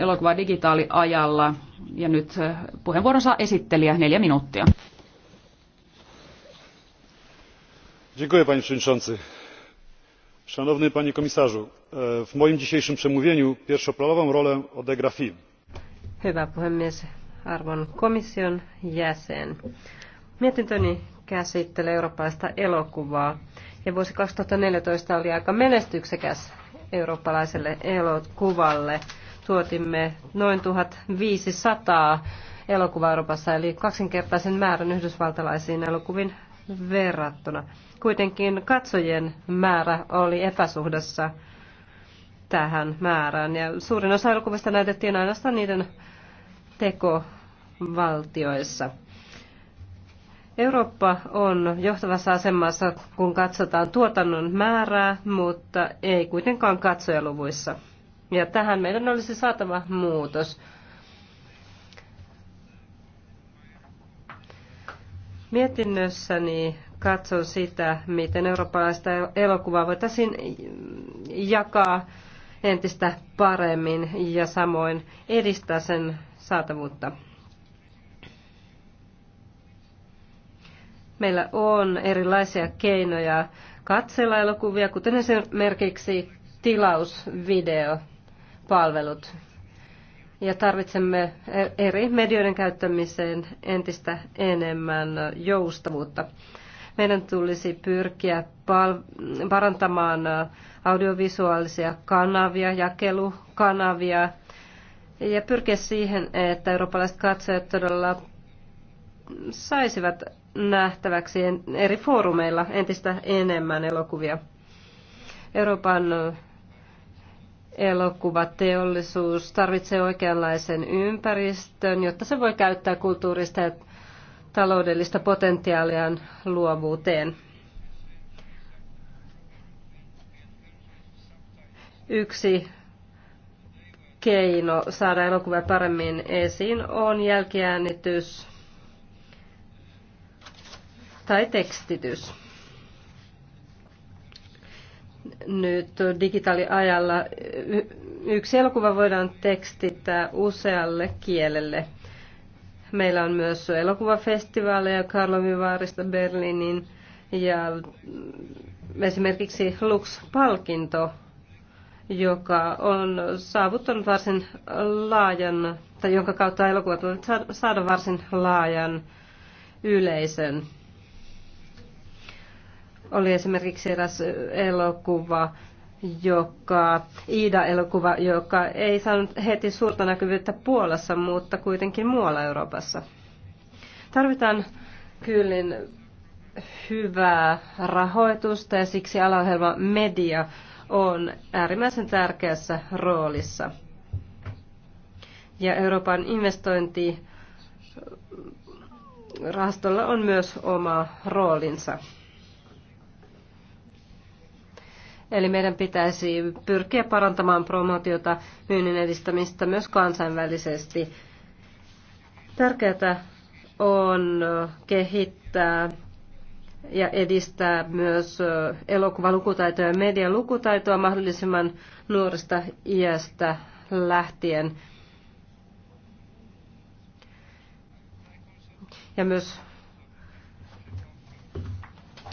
elokuva digitaaliajalla. Ja nyt eh, puheenvuoron saa esittelijä neljä minuuttia. Dziękuję panie przewodniczący. Szanowny panie komisarzu, eh, w moim dzisiejszym przemówieniu pierwszoplanową rolę odegra film. Hyvä puhemies, arvon komission jäsen. Mietintöni käsittelee eurooppalaista elokuvaa. Ja vuosi 2014 oli aika menestyksekäs eurooppalaiselle elokuvalle tuotimme noin 1500 elokuvaa Euroopassa, eli kaksinkertaisen määrän yhdysvaltalaisiin elokuviin verrattuna. Kuitenkin katsojien määrä oli epäsuhdassa tähän määrään, ja suurin osa elokuvista näytettiin ainoastaan niiden tekovaltioissa. Eurooppa on johtavassa asemassa, kun katsotaan tuotannon määrää, mutta ei kuitenkaan katsojaluvuissa. Ja tähän meidän olisi saatava muutos. Mietinnössäni katson sitä, miten eurooppalaista elokuvaa voitaisiin jakaa entistä paremmin ja samoin edistää sen saatavuutta. Meillä on erilaisia keinoja katsella elokuvia, kuten esimerkiksi tilausvideo palvelut. Ja tarvitsemme eri medioiden käyttämiseen entistä enemmän joustavuutta. Meidän tulisi pyrkiä parantamaan audiovisuaalisia kanavia, jakelukanavia ja pyrkiä siihen, että eurooppalaiset katsojat todella saisivat nähtäväksi eri foorumeilla entistä enemmän elokuvia. Euroopan elokuvateollisuus tarvitsee oikeanlaisen ympäristön, jotta se voi käyttää kulttuurista ja taloudellista potentiaaliaan luovuuteen. Yksi keino saada elokuva paremmin esiin on jälkiäänitys tai tekstitys nyt digitaaliajalla yksi elokuva voidaan tekstittää usealle kielelle. Meillä on myös elokuvafestivaaleja Karlovivaarista Berliinin ja esimerkiksi Lux-palkinto, joka on saavuttanut varsin laajan, tai jonka kautta elokuvat voivat saada varsin laajan yleisön. Oli esimerkiksi eräs elokuva, joka, Iida-elokuva, joka ei saanut heti suurta näkyvyyttä Puolassa, mutta kuitenkin muualla Euroopassa. Tarvitaan kyllin hyvää rahoitusta ja siksi alaohjelma media on äärimmäisen tärkeässä roolissa. Ja Euroopan investointi rahastolla on myös oma roolinsa. Eli meidän pitäisi pyrkiä parantamaan promotiota, myynnin edistämistä myös kansainvälisesti. Tärkeää on kehittää ja edistää myös elokuvalukutaitoa ja lukutaitoa mahdollisimman nuoresta iästä lähtien. Ja myös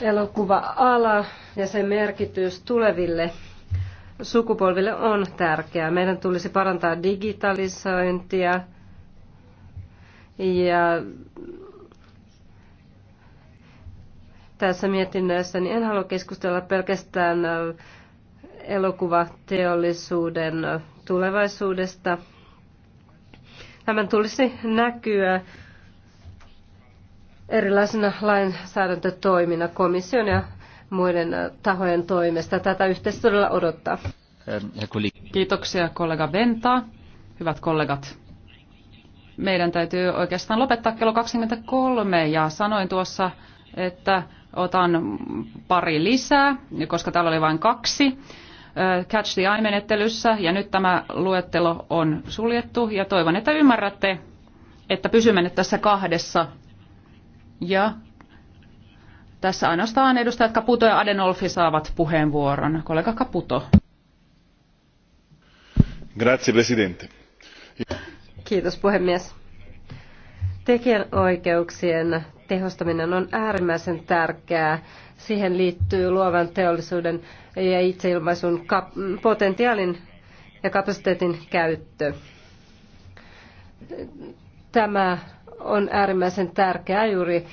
Elokuva-ala ja sen merkitys tuleville sukupolville on tärkeää. Meidän tulisi parantaa digitalisointia ja tässä mietinnössä niin en halua keskustella pelkästään elokuvateollisuuden tulevaisuudesta. Tämän tulisi näkyä erilaisina lainsäädäntötoimina komission ja muiden äh, tahojen toimesta. Tätä yhteistyö todella odottaa. Kiitoksia kollega Venta. Hyvät kollegat, meidän täytyy oikeastaan lopettaa kello 23 ja sanoin tuossa, että otan pari lisää, koska täällä oli vain kaksi. Äh, Catch the Eye-menettelyssä ja nyt tämä luettelo on suljettu ja toivon, että ymmärrätte, että pysymme nyt tässä kahdessa ja tässä ainoastaan edustajat Kaputo ja Adenolfi saavat puheenvuoron. Kollega Kaputo. Grazie, presidente. Kiitos puhemies. Tekijänoikeuksien tehostaminen on äärimmäisen tärkeää. Siihen liittyy luovan teollisuuden ja itseilmaisun potentiaalin ja kapasiteetin käyttö. Tämä on äärimmäisen tärkeää juuri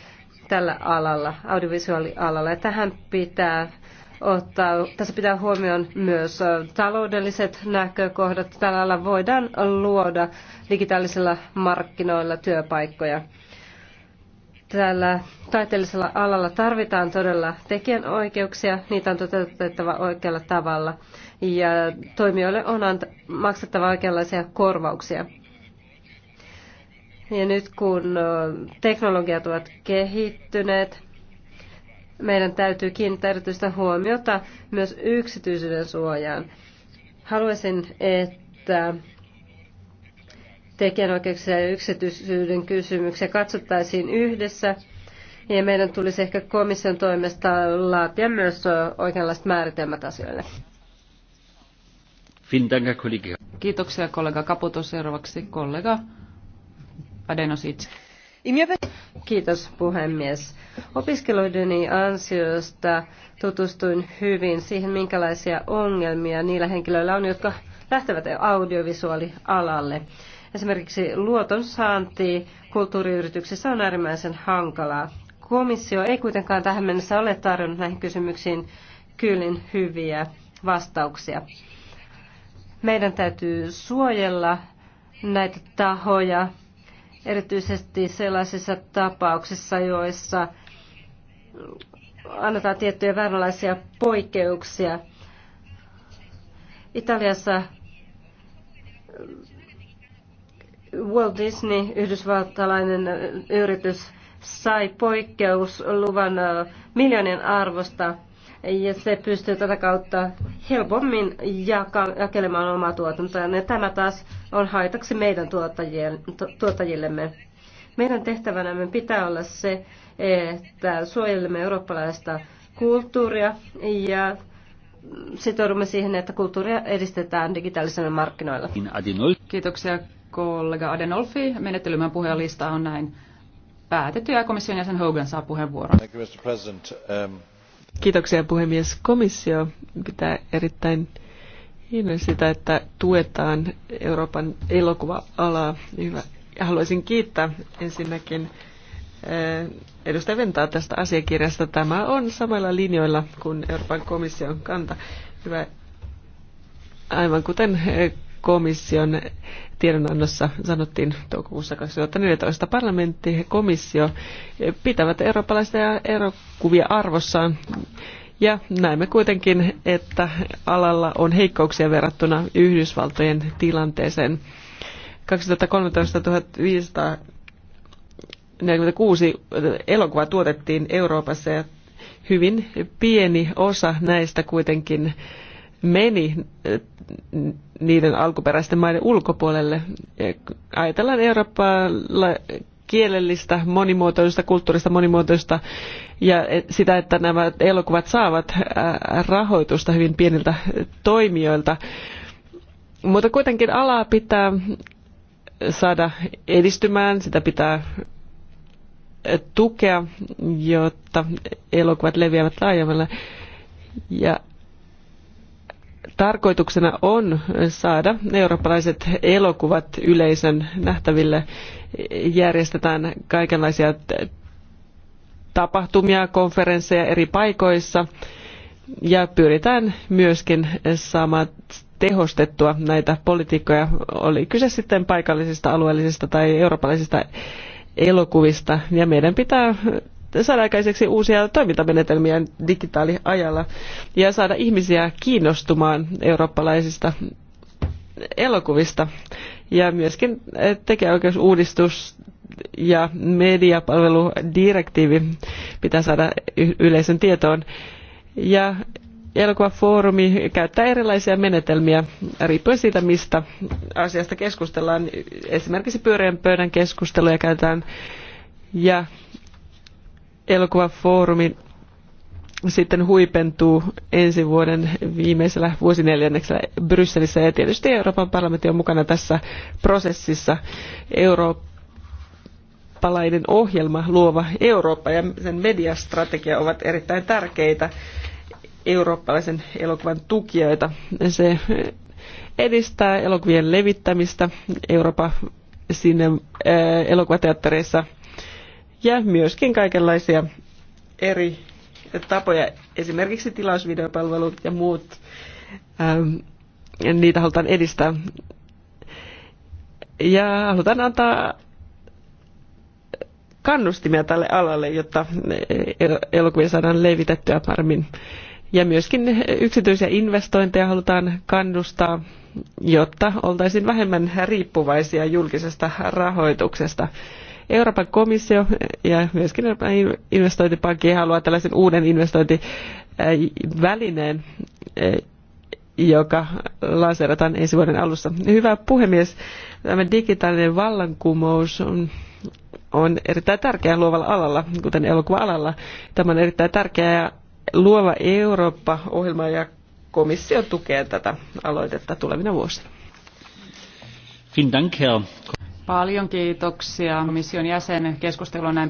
tällä alalla, audiovisuaalialalla. Ja tähän pitää ottaa, tässä pitää huomioon myös taloudelliset näkökohdat. Tällä alalla voidaan luoda digitaalisilla markkinoilla työpaikkoja. Tällä taiteellisella alalla tarvitaan todella tekijänoikeuksia, niitä on toteutettava oikealla tavalla ja toimijoille on maksettava oikeanlaisia korvauksia. Ja nyt kun teknologiat ovat kehittyneet, meidän täytyy kiinnittää erityistä huomiota myös yksityisyyden suojaan. Haluaisin, että tekijänoikeuksia ja yksityisyyden kysymyksiä katsottaisiin yhdessä. Ja meidän tulisi ehkä komission toimesta laatia myös oikeanlaiset määritelmät asioille. Kiitoksia kollega Kaputo. Seuraavaksi kollega Adenosic. Kiitos puhemies. Opiskeluideni ansiosta tutustuin hyvin siihen, minkälaisia ongelmia niillä henkilöillä on, jotka lähtevät audiovisuaalialalle. Esimerkiksi luoton saanti kulttuuriyrityksissä on äärimmäisen hankalaa. Komissio ei kuitenkaan tähän mennessä ole tarjonnut näihin kysymyksiin kyllin hyviä vastauksia. Meidän täytyy suojella näitä tahoja erityisesti sellaisissa tapauksissa, joissa annetaan tiettyjä vääränlaisia poikkeuksia. Italiassa Walt Disney, yhdysvaltalainen yritys, sai poikkeusluvan äh, miljoonien arvosta ja se pystyy tätä kautta helpommin jakelemaan omaa tuotantoa. Ja tämä taas on haitaksi meidän tuottajillemme. Meidän tehtävänämme pitää olla se, että suojelemme eurooppalaista kulttuuria ja sitoudumme siihen, että kulttuuria edistetään digitaalisilla markkinoilla. Kiitoksia kollega Adenolfi. Menettelymän puheenlista on näin päätetty ja komission jäsen Hogan saa puheenvuoron. Thank you, Mr. President. Um... Kiitoksia puhemies. Komissio pitää erittäin hienoa sitä, että tuetaan Euroopan elokuva-alaa. Haluaisin kiittää ensinnäkin eh, edustaja Ventaa tästä asiakirjasta. Tämä on samalla linjoilla kuin Euroopan komission kanta. Hyvä. Aivan kuten eh, komission tiedonannossa sanottiin toukokuussa 2014. Parlamentti ja komissio pitävät eurooppalaisia ja erokuvia arvossaan. Ja näemme kuitenkin, että alalla on heikkouksia verrattuna Yhdysvaltojen tilanteeseen. 2013 1546 elokuva tuotettiin Euroopassa ja hyvin pieni osa näistä kuitenkin meni niiden alkuperäisten maiden ulkopuolelle. Ajatellaan Eurooppaa kielellistä monimuotoista, kulttuurista monimuotoista ja sitä, että nämä elokuvat saavat äh, rahoitusta hyvin pieniltä toimijoilta. Mutta kuitenkin alaa pitää saada edistymään, sitä pitää äh, tukea, jotta elokuvat leviävät laajemmalle. Ja tarkoituksena on saada eurooppalaiset elokuvat yleisön nähtäville. Järjestetään kaikenlaisia tapahtumia, konferensseja eri paikoissa ja pyritään myöskin saamaan tehostettua näitä politiikkoja, oli kyse sitten paikallisista, alueellisista tai eurooppalaisista elokuvista. Ja meidän pitää saada aikaiseksi uusia toimintamenetelmiä digitaaliajalla ja saada ihmisiä kiinnostumaan eurooppalaisista elokuvista ja myöskin eh, tekijäoikeusuudistus ja mediapalveludirektiivi pitää saada yleisön tietoon. Ja elokuvafoorumi käyttää erilaisia menetelmiä riippuen siitä, mistä asiasta keskustellaan. Esimerkiksi pyöreän pöydän keskusteluja käytetään ja elokuvafoorumi sitten huipentuu ensi vuoden viimeisellä vuosineljänneksellä Brysselissä ja tietysti Euroopan parlamentti on mukana tässä prosessissa. Eurooppalainen ohjelma Luova Eurooppa ja sen mediastrategia ovat erittäin tärkeitä eurooppalaisen elokuvan tukijoita. Se edistää elokuvien levittämistä Euroopan sinne äh, elokuvateattereissa – ja myöskin kaikenlaisia eri tapoja, esimerkiksi tilausvideopalvelut ja muut. Ähm, niitä halutaan edistää. Ja halutaan antaa kannustimia tälle alalle, jotta elokuvia saadaan levitettyä paremmin. Ja myöskin yksityisiä investointeja halutaan kannustaa, jotta oltaisiin vähemmän riippuvaisia julkisesta rahoituksesta. Euroopan komissio ja myöskin Euroopan investointipankki haluaa tällaisen uuden investointivälineen, eh, joka lanseerataan ensi vuoden alussa. Hyvä puhemies, tämä digitaalinen vallankumous on on erittäin tärkeää luovalla alalla, kuten elokuva-alalla. Tämä on erittäin tärkeää luova Eurooppa-ohjelma ja komissio tukee tätä aloitetta tulevina vuosina. Dank, Paljon kiitoksia komission jäsen. Keskustelu on näin